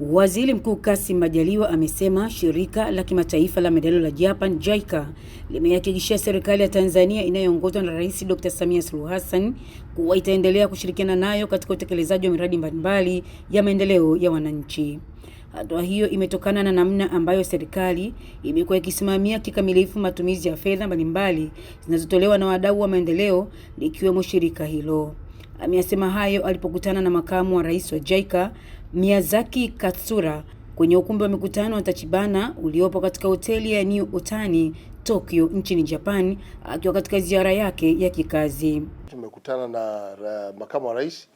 Waziri Mkuu Kassim Majaliwa amesema shirika la kimataifa la medalo la Japan JICA limehakikishia serikali ya Tanzania inayoongozwa na Rais Dr. Samia Suluhu Hassan kuwa itaendelea kushirikiana nayo katika utekelezaji wa miradi mbalimbali ya maendeleo ya wananchi. Hatua hiyo imetokana na namna ambayo serikali imekuwa ikisimamia kikamilifu matumizi ya fedha mbalimbali zinazotolewa na wadau wa maendeleo likiwemo shirika hilo. Ameyasema hayo alipokutana na makamu wa rais wa JICA Miyazaki Katsura kwenye ukumbi wa mikutano wa Tachibana uliopo katika hoteli ya New Otani Tokyo nchini Japan, akiwa katika ziara yake ya kikazi. Tumekutana na ra, makamu wa rais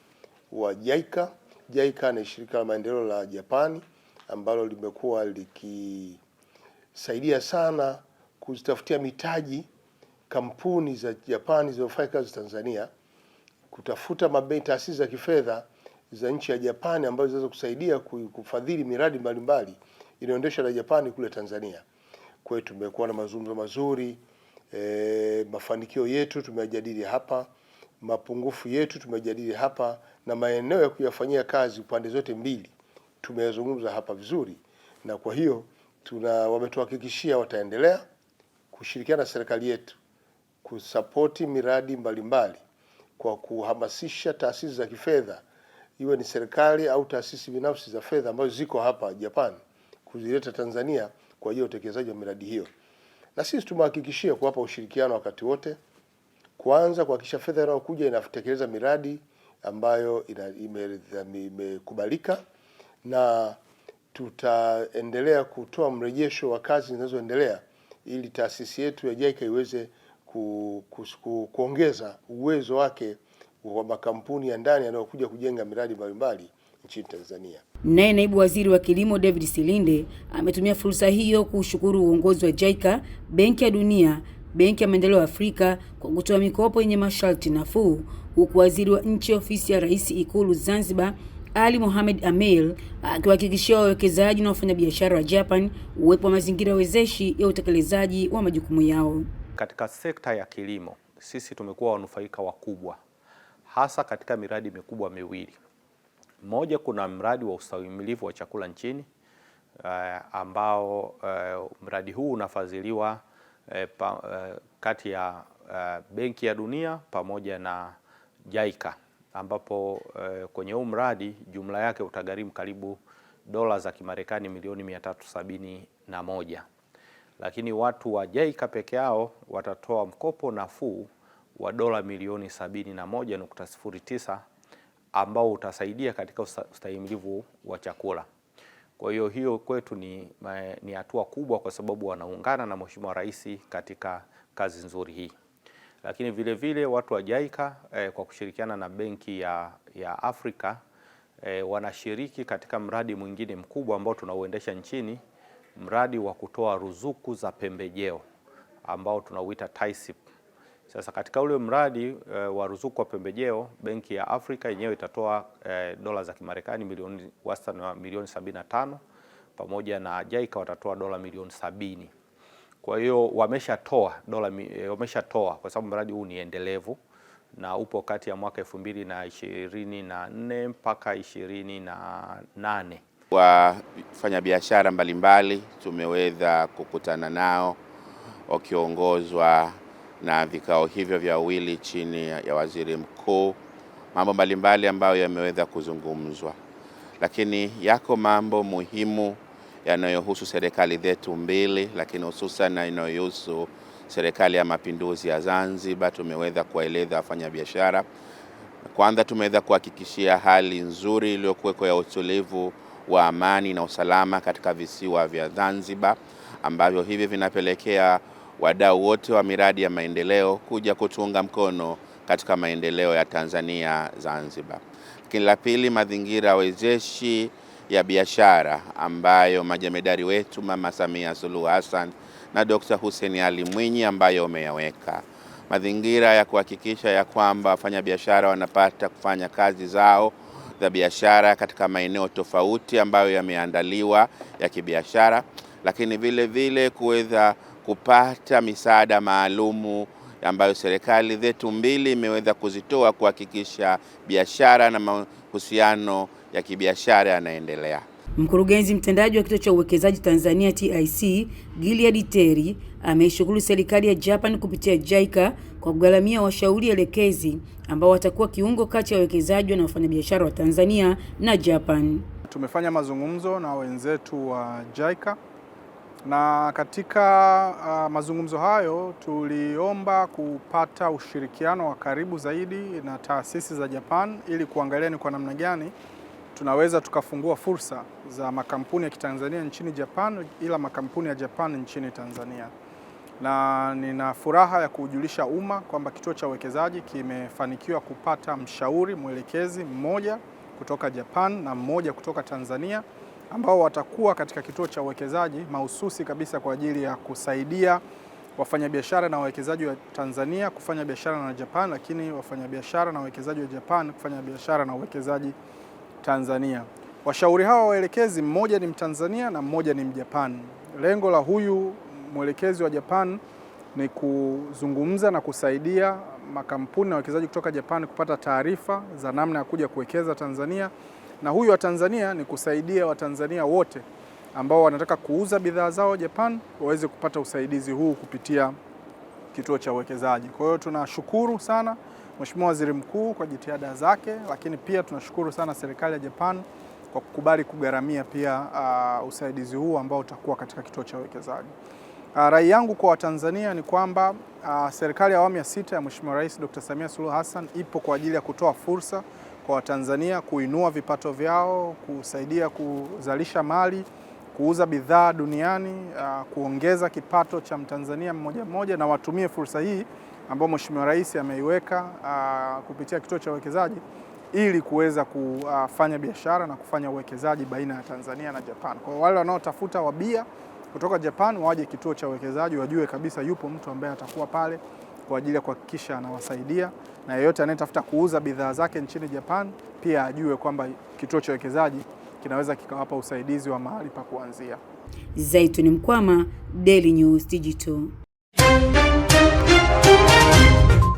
wa JICA. JICA ni shirika la maendeleo la Japani ambalo limekuwa likisaidia sana kuzitafutia mitaji kampuni za Japani zinazofanya kazi Tanzania kutafuta mabenki, taasisi za kifedha za nchi ya Japani ambazo zinaweza kusaidia kufadhili miradi mbalimbali inayoendeshwa na Japani kule Tanzania. Kwa hiyo tumekuwa na mazungumzo mazuri e, mafanikio yetu tumejadili hapa, mapungufu yetu tumejadili hapa, na maeneo ya kuyafanyia kazi pande zote mbili tumeyazungumza hapa vizuri, na kwa hiyo tuna wametuhakikishia wataendelea kushirikiana na serikali yetu kusapoti miradi mbalimbali mbali kwa kuhamasisha taasisi za kifedha iwe ni serikali au taasisi binafsi za fedha ambazo ziko hapa Japan kuzileta Tanzania kwa ajili ya utekelezaji wa miradi hiyo, na sisi tumehakikishia kuwapa ushirikiano wakati wote, kwanza kuhakikisha fedha inayokuja inatekeleza miradi ambayo imekubalika, na tutaendelea kutoa mrejesho wa kazi zinazoendelea ili taasisi yetu ya JICA iweze ku, ku, ku, kuongeza uwezo wake wa makampuni ya ndani yanayokuja kujenga miradi mbalimbali nchini Tanzania. Naye naibu waziri wa kilimo David Silinde ametumia fursa hiyo kuushukuru uongozi wa JICA, Benki ya Dunia, Benki ya Maendeleo ya Afrika kwa kutoa mikopo yenye masharti nafuu, huku waziri wa nchi ofisi ya Rais Ikulu Zanzibar Ali Mohamed Amir akiwahakikishia wawekezaji na wafanyabiashara wa Japan uwepo wa mazingira wezeshi ya utekelezaji wa majukumu yao. Katika sekta ya kilimo sisi tumekuwa wanufaika wakubwa hasa katika miradi mikubwa miwili. Moja, kuna mradi wa ustahimilivu wa chakula nchini uh, ambao uh, mradi huu unafadhiliwa uh, pa, uh, kati ya uh, Benki ya Dunia pamoja na JICA ambapo uh, kwenye huu mradi jumla yake utagharimu karibu dola za Kimarekani milioni na moja lakini watu wa JICA peke yao watatoa mkopo nafuu wa dola milioni 71.09 ambao utasaidia katika ustahimilivu wa chakula. Kwa hiyo hiyo kwetu ni, ni hatua kubwa kwa sababu wanaungana na Mheshimiwa Rais katika kazi nzuri hii. Lakini vile vile watu wa JICA eh, kwa kushirikiana na Benki ya, ya Afrika eh, wanashiriki katika mradi mwingine mkubwa ambao tunauendesha nchini mradi wa kutoa ruzuku za pembejeo ambao tunauita TISIP. Sasa katika ule mradi e, wa ruzuku wa pembejeo Benki ya Afrika yenyewe itatoa e, dola za Kimarekani milioni wastani wa milioni 75 pamoja na JICA watatoa dola milioni sabini. Kwa hiyo wameshatoa dola eh, wameshatoa, kwa sababu mradi huu ni endelevu na upo kati ya mwaka 2024 mpaka nane Wafanyabiashara mbalimbali tumeweza kukutana nao wakiongozwa na vikao hivyo vya wawili chini ya waziri mkuu, mambo mbalimbali ambayo yameweza kuzungumzwa, lakini yako mambo muhimu yanayohusu serikali zetu mbili, lakini hususan na inayohusu serikali ya mapinduzi ya Zanzibar. Tumeweza kuwaeleza wafanyabiashara, kwanza tumeweza kuhakikishia hali nzuri iliyokuweko ya utulivu wa amani na usalama katika visiwa vya Zanzibar ambavyo hivi vinapelekea wadau wote wa miradi ya maendeleo kuja kutuunga mkono katika maendeleo ya Tanzania Zanzibar. Lakini la pili, mazingira wezeshi ya biashara ambayo majemedari wetu Mama Samia Suluhu Hassan na Dr. Hussein Ali Mwinyi ambayo wameyaweka mazingira ya kuhakikisha ya kwamba wafanyabiashara wanapata kufanya kazi zao za biashara katika maeneo tofauti ambayo yameandaliwa ya kibiashara, lakini vile vile kuweza kupata misaada maalumu ambayo serikali zetu mbili imeweza kuzitoa kuhakikisha biashara na mahusiano ya kibiashara yanaendelea. Mkurugenzi mtendaji wa kituo cha uwekezaji Tanzania TIC, Gilead Teri, ameishukuru serikali ya Japan kupitia JICA kwa kugharamia washauri elekezi ambao watakuwa kiungo kati ya wawekezaji na wafanyabiashara wa Tanzania na Japan. Tumefanya mazungumzo na wenzetu wa JICA na katika uh, mazungumzo hayo tuliomba kupata ushirikiano wa karibu zaidi na taasisi za Japan ili kuangalia ni kwa namna gani tunaweza tukafungua fursa za makampuni ya Kitanzania nchini Japan, ila makampuni ya Japan nchini Tanzania, na nina furaha ya kuujulisha umma kwamba kituo cha uwekezaji kimefanikiwa kupata mshauri mwelekezi mmoja kutoka Japan na mmoja kutoka Tanzania ambao watakuwa katika kituo cha uwekezaji mahususi kabisa kwa ajili ya kusaidia wafanyabiashara na wawekezaji wa Tanzania kufanya biashara na Japan, lakini wafanyabiashara na wawekezaji wa Japan kufanya biashara na wawekezaji Tanzania. Washauri hawa waelekezi mmoja ni Mtanzania na mmoja ni Mjapani. Lengo la huyu mwelekezi wa Japan ni kuzungumza na kusaidia makampuni na wawekezaji kutoka Japan kupata taarifa za namna ya kuja kuwekeza Tanzania, na huyu wa Tanzania ni kusaidia Watanzania wote ambao wanataka kuuza bidhaa zao Japan waweze kupata usaidizi huu kupitia kituo cha uwekezaji. Kwa hiyo tunashukuru sana. Mheshimiwa Waziri Mkuu kwa jitihada zake, lakini pia tunashukuru sana serikali ya Japan kwa kukubali kugharamia pia uh, usaidizi huu ambao utakuwa katika kituo cha uwekezaji. Uh, rai yangu kwa Watanzania ni kwamba uh, serikali ya awamu ya sita ya Mheshimiwa Rais Dr. Samia Suluhu Hassan ipo kwa ajili ya kutoa fursa kwa Watanzania kuinua vipato vyao, kusaidia kuzalisha mali kuuza bidhaa duniani, uh, kuongeza kipato cha Mtanzania mmoja mmoja, na watumie fursa hii ambayo Mheshimiwa Rais ameiweka uh, kupitia kituo cha uwekezaji ili kuweza kufanya biashara na kufanya uwekezaji baina ya Tanzania na Japan. Kwa wale wanaotafuta wabia kutoka Japan waje kituo cha uwekezaji, wajue kabisa yupo mtu ambaye atakuwa pale kwa ajili ya kuhakikisha anawasaidia, na yeyote anayetafuta kuuza bidhaa zake nchini Japan pia ajue kwamba kituo cha uwekezaji kinaweza kikawapa usaidizi wa mahali pa kuanzia. Zaituni Mkwama, Daily News Digital.